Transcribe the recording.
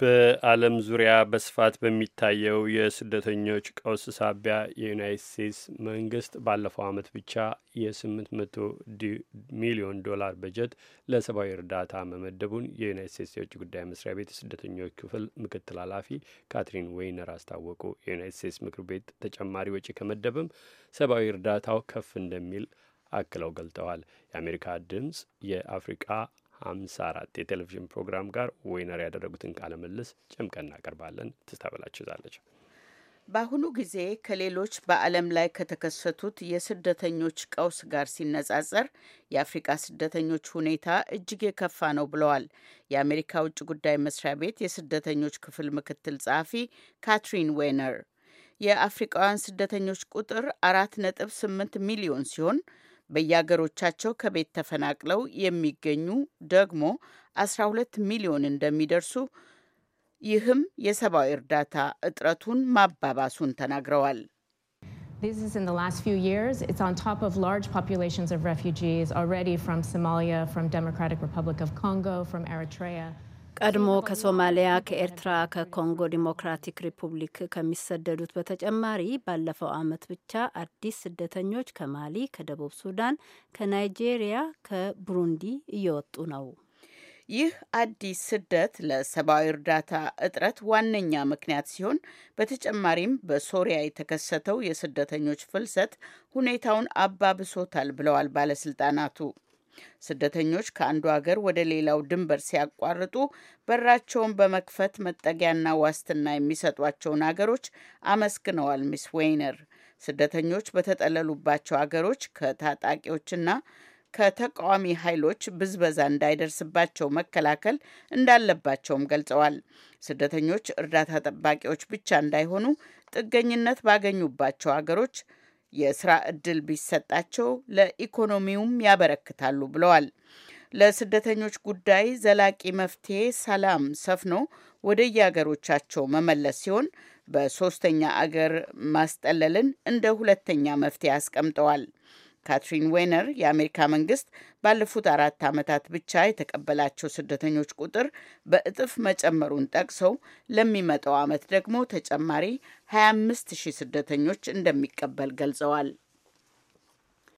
በዓለም ዙሪያ በስፋት በሚታየው የስደተኞች ቀውስ ሳቢያ የዩናይት ስቴትስ መንግስት ባለፈው ዓመት ብቻ የ800 ሚሊዮን ዶላር በጀት ለሰብአዊ እርዳታ መመደቡን የዩናይት ስቴትስ የውጭ ጉዳይ መስሪያ ቤት የስደተኞች ክፍል ምክትል ኃላፊ ካትሪን ወይነር አስታወቁ። የዩናይት ስቴትስ ምክር ቤት ተጨማሪ ወጪ ከመደበም ሰብአዊ እርዳታው ከፍ እንደሚል አክለው ገልጠዋል። የአሜሪካ ድምጽ የአፍሪቃ ሀምሳ አራት የቴሌቪዥን ፕሮግራም ጋር ወይነር ያደረጉትን ቃለ ምልልስ ጨምቀን እናቀርባለን። ትስታ ይዛለች። በአሁኑ ጊዜ ከሌሎች በዓለም ላይ ከተከሰቱት የስደተኞች ቀውስ ጋር ሲነጻጸር የአፍሪቃ ስደተኞች ሁኔታ እጅግ የከፋ ነው ብለዋል የአሜሪካ ውጭ ጉዳይ መስሪያ ቤት የስደተኞች ክፍል ምክትል ጸሐፊ ካትሪን ዌነር። የአፍሪቃውያን ስደተኞች ቁጥር አራት ነጥብ ስምንት ሚሊዮን ሲሆን በየአገሮቻቸው ከቤት ተፈናቅለው የሚገኙ ደግሞ 12 ሚሊዮን እንደሚደርሱ ይህም የሰብአዊ እርዳታ እጥረቱን ማባባሱን ተናግረዋል። ባለፉት ቀድሞ ከሶማሊያ ከኤርትራ፣ ከኮንጎ ዲሞክራቲክ ሪፑብሊክ ከሚሰደዱት በተጨማሪ ባለፈው ዓመት ብቻ አዲስ ስደተኞች ከማሊ፣ ከደቡብ ሱዳን፣ ከናይጄሪያ፣ ከቡሩንዲ እየወጡ ነው። ይህ አዲስ ስደት ለሰብአዊ እርዳታ እጥረት ዋነኛ ምክንያት ሲሆን በተጨማሪም በሶሪያ የተከሰተው የስደተኞች ፍልሰት ሁኔታውን አባብሶታል ብለዋል ባለስልጣናቱ። ስደተኞች ከአንዱ ሀገር ወደ ሌላው ድንበር ሲያቋርጡ በራቸውን በመክፈት መጠጊያና ዋስትና የሚሰጧቸውን ሀገሮች አመስግነዋል ሚስ ወይነር ስደተኞች በተጠለሉባቸው ሀገሮች ከታጣቂዎችና ከተቃዋሚ ኃይሎች ብዝበዛ እንዳይደርስባቸው መከላከል እንዳለባቸውም ገልጸዋል። ስደተኞች እርዳታ ጠባቂዎች ብቻ እንዳይሆኑ ጥገኝነት ባገኙባቸው ሀገሮች የስራ እድል ቢሰጣቸው ለኢኮኖሚውም ያበረክታሉ ብለዋል። ለስደተኞች ጉዳይ ዘላቂ መፍትሄ ሰላም ሰፍኖ ወደ የአገሮቻቸው መመለስ ሲሆን በሶስተኛ አገር ማስጠለልን እንደ ሁለተኛ መፍትሄ አስቀምጠዋል። ካትሪን ዌነር የአሜሪካ መንግስት ባለፉት አራት ዓመታት ብቻ የተቀበላቸው ስደተኞች ቁጥር በእጥፍ መጨመሩን ጠቅሰው ለሚመጣው ዓመት ደግሞ ተጨማሪ 25 ሺህ ስደተኞች እንደሚቀበል ገልጸዋል።